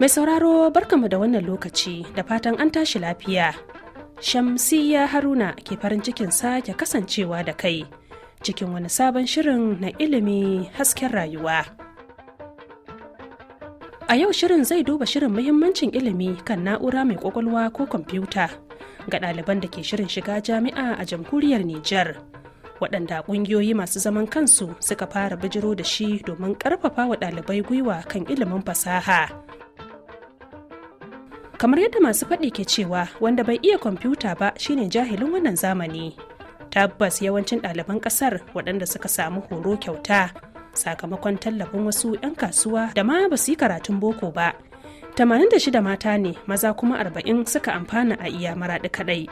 Mai sauraro barkamu da wannan lokaci da fatan an tashi lafiya. shamsiya Haruna ke farin cikin sake kasancewa da kai cikin wani sabon shirin na ilimi hasken rayuwa. A yau shirin zai duba shirin muhimmancin ilimi kan na'ura mai kwakwalwa ko kwamfuta ga ɗaliban da ke shirin shiga jami'a a jamhuriyar Nijar. waɗanda ƙungiyoyi masu zaman kansu suka fara bijiro da shi domin ƙarfafa wa ɗalibai gwiwa kan ilimin fasaha. kamar yadda masu faɗi ke cewa wanda bai iya kwamfuta ba shine jahilin wannan zamani tabbas yawancin ɗaliban ƙasar waɗanda suka samu horo kyauta sakamakon tallafin wasu 'yan kasuwa da ma ba su yi karatun boko ba Tamanin da 86 mata ne maza kuma arba'in suka amfana a iya maraɗi kaɗai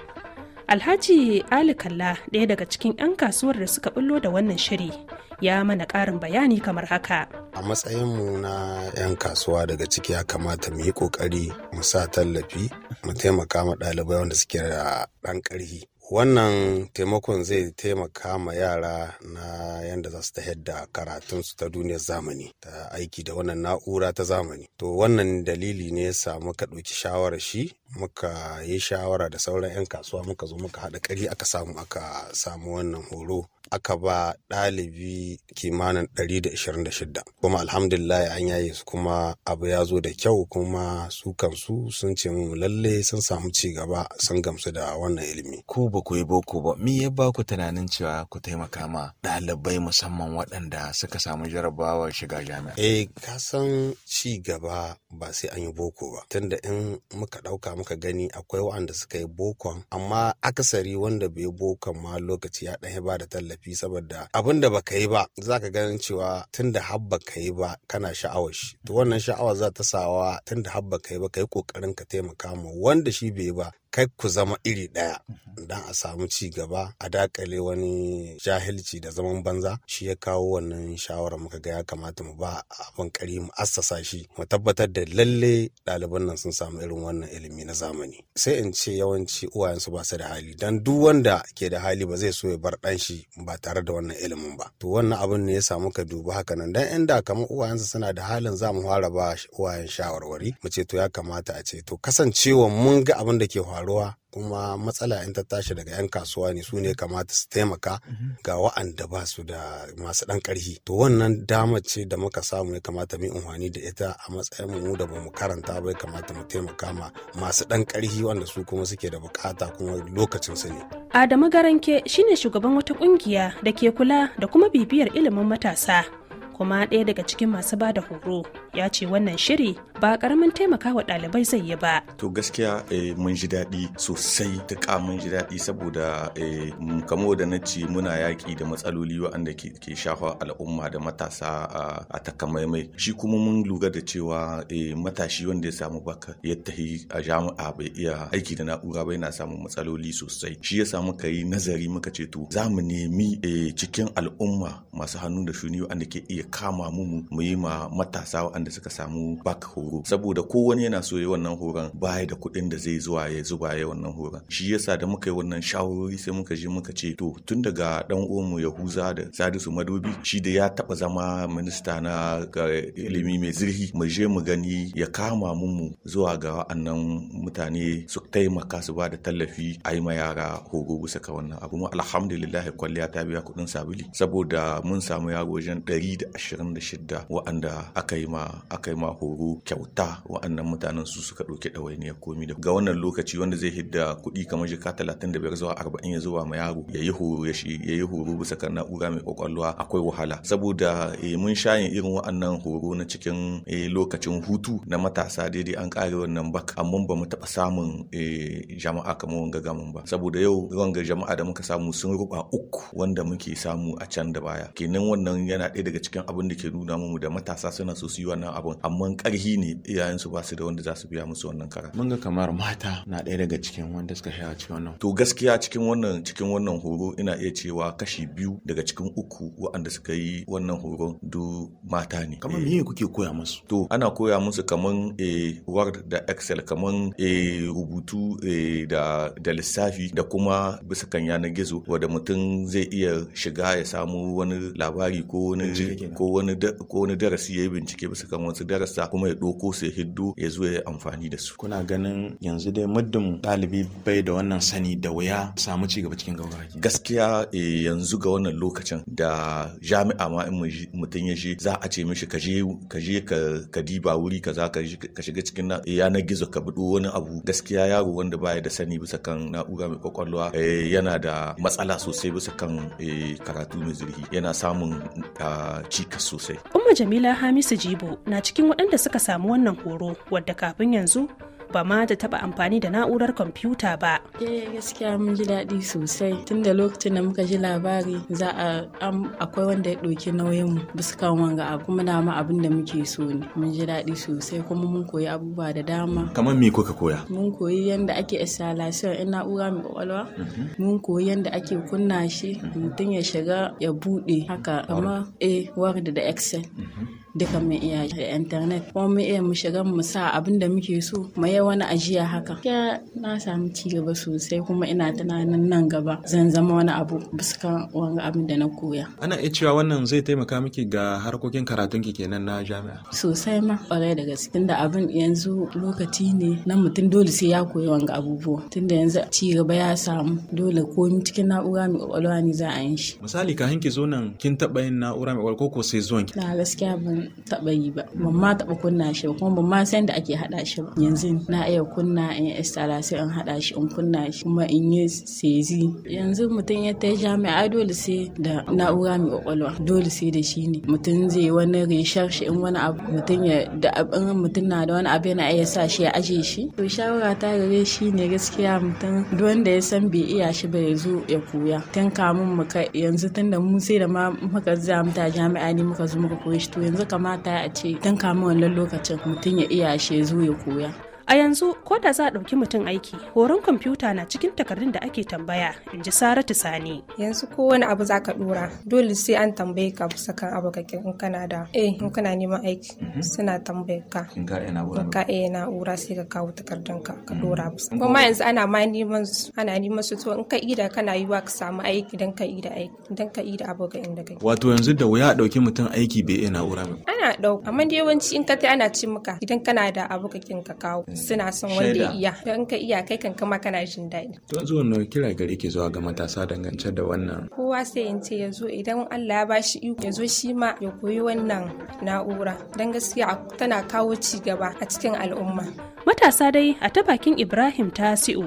alhaji ali kalla ɗaya daga cikin 'yan kasuwar da suka bullo da wannan shiri ya mana ƙarin bayani kamar haka a matsayinmu na 'yan kasuwa daga ciki ya kamata mu yi kokari mu sa tallafi mu taimaka ma ɗalibai wanda suke da ɗan ƙarfi wannan taimakon zai taimaka ma yara na yadda za su ta da karatunsu ta duniyar zamani ta aiki da wannan na'ura ta zamani to wannan dalili ne yasa muka ɗauki shawarar shi muka yi shawara da sauran 'yan kasuwa muka zo muka haɗa ƙari aka samu aka samu wannan horo aka ba ɗalibi kimanin 126 kuma alhamdulillah an yaye su kuma abu ya zo da kyau kuma su kansu sun ce mu lalle sun samu ci gaba sun gamsu da wannan ilimi ku ba ku yi boko ba me ya ba ku tunanin cewa ku taimaka ma ɗalibai musamman waɗanda suka samu jarabawar shiga jami'a eh ka san ci gaba ba sai an yi boko ba tunda in muka ɗauka muka gani akwai waɗanda suka yi bokon amma akasari wanda bai bokon ma lokaci ya bada ba da tallafi zafi saboda abin da baka yi ba za ka ganin cewa tun da har baka yi ba kana sha'awar shi to wannan sha'awar za ta sawa tun da har baka yi ba ka yi kokarin ka taimaka ma wanda shi bai yi ba kai ku zama iri ɗaya mhm. don a samu ci gaba a dakale wani jahilci da zaman banza shi ya kawo wannan shawara muka ga ya kamata mu ba abin kari mu assasa shi mu tabbatar da lalle ɗaliban nan sun samu irin wannan ilimi na zamani sai in ce yawanci uwayensu ba su da hali dan duk wanda ke da hali ba zai so ya bar ɗan shi ba tare da wannan ilimin ba to wannan abin ne ya samu ka dubi haka nan dan inda kamar uwayensu suna da halin za mu fara ba uwayen shawarwari mu ce to ya kamata a ce to kasancewa mun ga abin da ke faruwa kuma matsala in ta tashi daga 'yan kasuwa ne su ne kamata su taimaka mhm. ga wa'anda ba su da masu ɗan ƙarfi to wannan dama ce da muka samu ya kamata mu unhwani da ita a matsayin mu da bamu karanta ba ya kamata mu taimaka ma masu ɗan ƙarfi wanda su kuma suke da bukata kuma lokacin su ne Adamu Garanke shine shugaban wata kungiya da ke kula da kuma bibiyar ilimin matasa kuma ɗaya daga cikin masu ba da horo ya ce wannan shiri ba karamin taimakawa ɗalibai zai yi ba. To gaskiya eh, mun ji daɗi sosai ka mun ji daɗi saboda eh, kamo da na ce muna yaƙi da matsaloli waɗanda ke shafa al'umma da matasa a takamaimai. Shi kuma mun lura da cewa eh, matashi wanda ya samu baka ya tahi a jami'a bai iya aiki da na'ura ba yana samun matsaloli sosai. Shi ya samu ka yi nazari muka ce to za mu nemi cikin al'umma masu hannu da shuni waɗanda ke iya kama mu mu yi ma matasa waɗanda suka samu bak horo saboda kowane yana so ya wannan horon baya da kuɗin da zai zuwa ya zuba ya wannan horon shi yasa da muka yi wannan shawarori sai muka je muka ce to tun daga dan uwanmu Yahuza da Sadisu Madobi shi da ya taɓa zama minista na ilimi mai zirhi mu je mu gani ya kama mu zuwa ga wa'annan mutane su taimaka su ba da tallafi a yi ma yara horo bisa ka wannan abu alhamdulillah kwalliya ta biya kuɗin sabili saboda mun samu yaro wajen ɗari da da ashirin shidda wa'anda aka yi ma Akai aka ma horo kyauta wa'annan mutanen su suka ɗauki ɗawainiyar komi da ga wannan lokaci wanda zai hidda kuɗi kamar jika talatin da biyar zuwa arba'in ya zuwa ma yaro ya yi horo ya yi horo bisa kan na'ura mai kwakwalwa akwai wahala saboda eh, mun shayin irin wa'annan horo na cikin eh, lokacin hutu na matasa daidai an ƙare wannan bak amma ba mu taɓa samun eh, jama'a kamar wanga mun ba saboda yau wanga jama'a da muka samu sun ruba uku wanda muke samu a can da baya kenan wannan yana ɗaya daga cikin abin da ke nuna mu da matasa suna so su yi wannan abun amma karhi ne su ba su da wanda za su biya musu wannan kara mun ga kamar mata na ɗaya daga cikin wanda suka shaya cikin wannan to gaskiya cikin wannan cikin wannan horo ina iya cewa kashi biyu daga cikin uku waɗanda suka yi wannan horon du mata ne kamar me kuke koya musu to ana koya musu kaman e, word da excel kaman eh, rubutu eh, da da lissafi da kuma bisa kan yanar gizo wanda mutum zai iya shiga ya samu wani labari ko wani ko wani ko wani darasi ya yi bincike bisa kan wasu darasa kuma ya ɗauko su ya hiddo ya zo ya amfani da su. Kuna ganin yanzu dai muddin ɗalibi bai da wannan sani da wuya samu ci gaba cikin gaugawa. Gaskiya eh, yanzu ga wannan lokacin da jami'a ma in mutum ya je za a ce mishi ka je ka je ka diba wuri kaza ka shiga cikin na. Eh, yanar gizo ka bi wani abu gaskiya yaro wanda baya da sani bisa kan na'ura mai kwakwalwa eh, yana da matsala sosai bisa kan karatu mai zurfi yana samun ah, cikas sosai. Umma Jamila Hamisu Jibo na cikin waɗanda suka samu wannan horo wadda kafin yanzu ba ma ta taba amfani da na'urar kwamfuta ba. Eh gaskiya mun ji daɗi sosai tun da lokacin da muka ji labari za a akwai wanda ya ɗauki nauyin mu bisa kan wanga a kuma na ma abin da muke so ne mun ji daɗi sosai kuma mun koyi abubuwa da dama. Kamar me kuka koya? Mun koyi yadda ake installation in na'ura mai kwakwalwa. Mhm. Mun koyi yadda ake kunna shi mhm. mutum ya shiga ya buɗe haka kamar eh Word da Excel. Mhm. duka mu iya internet kuma mu iya mu shiga mu sa abin da muke so mu yi wani ajiya haka ya na samu ci gaba sosai kuma ina tunanin nan gaba zan zama wani abu bisa wani abin da na koya ana iya cewa wannan zai taimaka miki ga harkokin karatun ki kenan na jami'a sosai ma kwarai da gaske da abin yanzu lokaci ne na mutum dole sai ya koyi wani abubuwa tunda yanzu ci gaba ya samu dole komi cikin na'ura mai kwakwalwa ne za a yi shi misali ka ki zo nan kin taba yin na'ura mai kwakwalwa ko sai zuwan ki na gaskiya ban taɓa yi ba ban ma taɓa kunna shi ba kuma ban ma san da ake haɗa shi ba yanzu na iya kunna in sai in haɗa shi in kunna shi kuma in yi sezi yanzu mutum ya ta jami'a dole sai da na'ura mai kwakwalwa dole sai da shi ne mutum zai wani shi in wani abu mutum ya da abin mutum na da wani abu yana iya sa shi ya aje shi to shawara ta gare shi ne gaskiya mutum duk wanda ya san bai iya shi ba ya zo ya koya tun kamun kai yanzu tun da mu sai da ma muka zama ta jami'a ne muka zo muka koya shi to yanzu kamata a ce tun kamun wannan lokacin mutum ya iya shi ya zo ya koya a yanzu ko da za a ɗauki mutum aiki horon kwamfuta na cikin takardun da ake tambaya in ji saratu sani yanzu ko wani abu za ka ɗora dole sai an tambaye ka bisa kan abu ka in kana da eh in kana neman aiki mhm. suna tambaye ka ka eh na'ura sai ka kawo takardun ka ka mm. ɗora bisa kuma yanzu ana ma neman su ana neman su to in ka ida kana yiwa ka samu aiki dan ka ida aiki dan ka ida abu ka inda kake wato yanzu da wuya a ɗauki mutum aiki bai ina na'ura ba ana ɗauka amma yawanci in ka ta ana ci maka idan kana da abu ka kin ka kawo suna son wanda iya don ka iya kai kan kama kana jin daɗi. To zuwa nawa kira gari ke zuwa ga matasa dangance da wannan. Kowa sai in ce ya zo idan Allah ya bashi iko ya zo shi ma ya koyi wannan na'ura don gaskiya tana kawo ci gaba a cikin al'umma. Matasa dai a ta bakin Ibrahim Tasi'u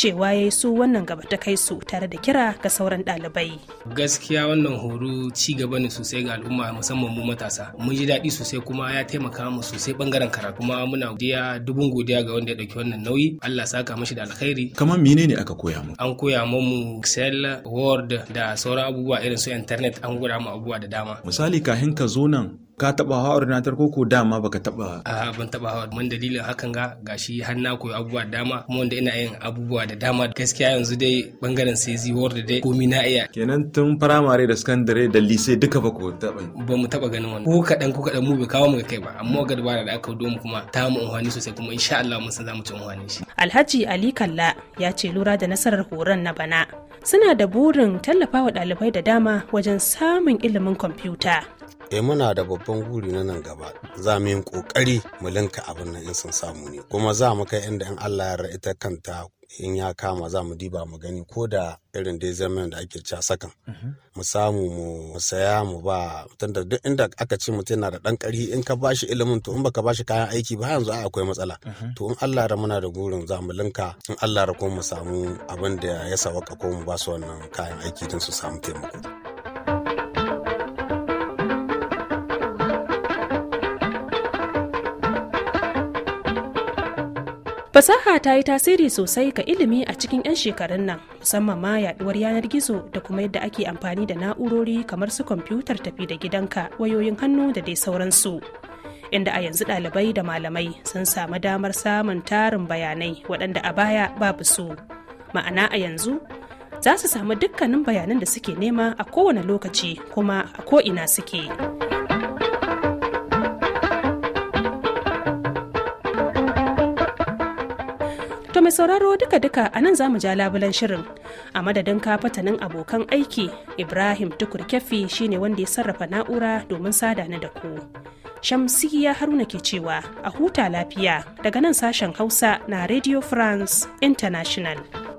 cewa ya yi su wannan gaba ta kai su tare da kira ga sauran ɗalibai. Gaskiya wannan horo ci gaba ne sosai ga al'umma musamman mu matasa. Mun ji daɗi sosai kuma ya taimaka mu sosai bangaren karatu kuma muna godiya dubun godiya ga wanda ya dauki wannan nauyi. Allah saka mashi da alkhairi. Kamar menene aka koya mu? An koya mu Excel, Word da sauran abubuwa irin su internet an gura mu abubuwa da dama. Misali kahin ka zo nan ka taba hawa ordinator ko ko dama baka taba a ban taba hawa mun dalilin hakan ga gashi har na koyi abubuwa dama kuma wanda ina yin abubuwa da dama gaskiya yanzu dai bangaren sai ziwar e da dai komi na iya kenan tun firamare da sakandare da lise duka ba ku taba ba mu taba ganin wani ko kadan ko kadan mu bai kawo mu ga kai ba amma ga dabara da aka domu kuma ta mu unhwani sosai kuma insha Allah mun san za mu ci unhwani shi Alhaji Ali Kalla ya ce lura da nasarar horon na bana suna da burin tallafawa dalibai da dama wajen samun ilimin kwamfuta eh muna da babban guri na nan gaba za mu yi kokari mu linka abin nan in sun samu ne kuma za mu kai inda in Allah ya ita kanta in ya kama za mu diba mu gani ko da irin dai zaman da ake cewa sakan mhm. mu samu mu saya mu ba tunda duk inda aka ce mutum yana da dan ƙarfi in ka bashi ilimin to in baka bashi kayan aiki ba yanzu ai akwai matsala mhm. to in Allah ya muna da gurin za mu linka in Allah ya ko mu samu abin da ya sawaka ko mu ba su wannan kayan aiki din su samu taimako fasaha ta yi tasiri sosai ga ilimi a cikin 'yan shekarun nan musamman ma yaduwar yanar gizo da kuma yadda ake amfani da na'urori kamar su kwamfutar tafi da gidanka wayoyin hannu da dai sauransu inda a yanzu ɗalibai da malamai sun samu damar samun tarin bayanai waɗanda a baya babu su ma'ana a yanzu za su samu dukkanin bayanan da suke nema a kowane lokaci kuma a ko'ina suke. mai sauraro duka-duka a nan za mu ja labulan shirin a madadin kafatanin abokan aiki ibrahim tukur kefi shine wanda ya sarrafa na'ura domin sada na da ku shamsiya haruna ke cewa a huta lafiya daga nan sashen hausa na radio france international